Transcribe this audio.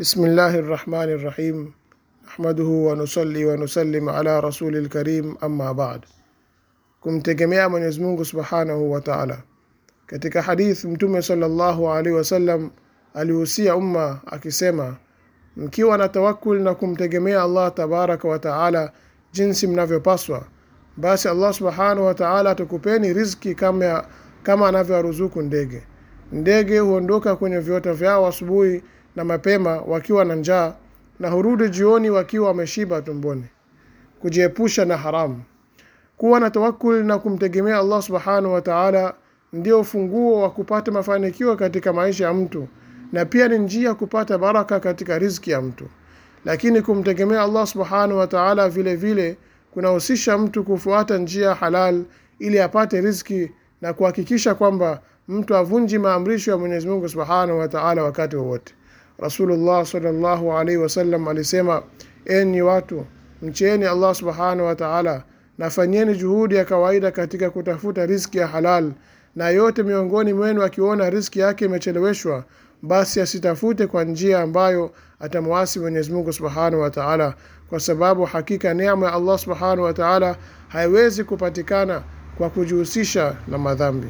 Bismillahi rahmani rahim nahmaduhu wanusali wanusalim ala rasuli lkarim amma bad. Kumtegemea Mwenyezi Mungu subhanahu wa taala. Katika hadith Mtume sallallahu alaihi wasallam alihusia umma akisema, mkiwa na tawakul na kumtegemea Allah tabaraka wa taala jinsi mnavyopaswa, basi Allah subhanahu wa taala atakupeni riziki kama, kama anavyowaruzuku ndege. Ndege huondoka kwenye viota vyao asubuhi na mapema wakiwa na njaa na hurudi jioni wakiwa wameshiba tumboni. Kujiepusha na haramu. Kuwa na tawakkul na kumtegemea Allah subhanahu wa taala ndio funguo wa kupata mafanikio katika maisha ya mtu na pia ni njia ya kupata baraka katika riziki ya mtu. Lakini kumtegemea Allah subhanahu wa taala vile vile kunahusisha mtu kufuata njia halal ili apate riziki na kuhakikisha kwamba mtu avunji maamrisho ya Mwenyezi Mungu subhanahu wa taala wakati wowote. Rasulullah sallallahu alaihi wasallam alisema, enyi watu, mcheni Allah subhanahu wa ta'ala nafanyeni juhudi ya kawaida katika kutafuta riski ya halal, na yote miongoni mwenu akiona riski yake imecheleweshwa, basi asitafute kwa njia ambayo atamwasi Mwenyezi Mungu Subhanahu wa Ta'ala, kwa sababu hakika neema ya Allah Subhanahu wa Ta'ala haiwezi kupatikana kwa kujihusisha na madhambi.